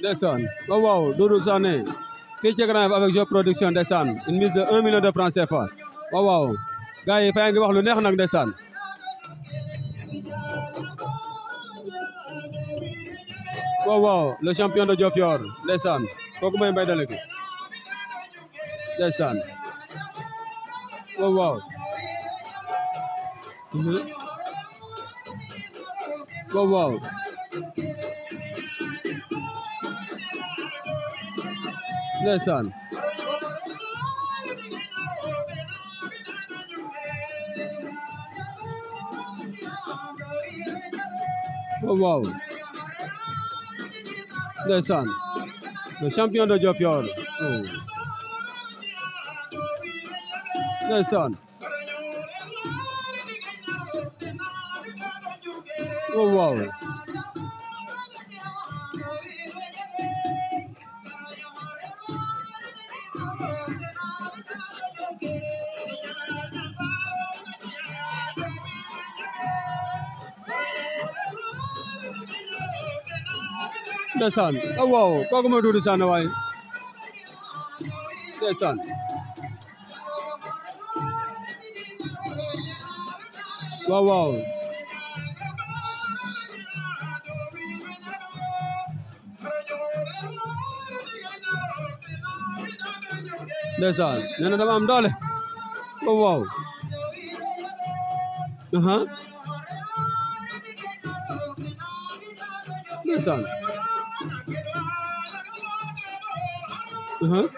ndeysaan oh, waaw waaw Doudou Sané fii ci production ndeysaan une mise de 1 million de francs CFA waaw waaw fay ngi wax lu neex nag ndeysaan oh, waaw waaw champion de Diofior ndeysaan kooku mooy Mbaye Daleke ndeysaan oh, waaw mhm. waaw Listen. Oh, wow. Listen. The champion de Jofior. Oh. Listen. Oh, wow. Desan. Oh wow, kok mau duduk sana wae. Desan. Wow wow. Thank you. ndeysaan nee na dama doole oh, waaw waaw aha ndeysaan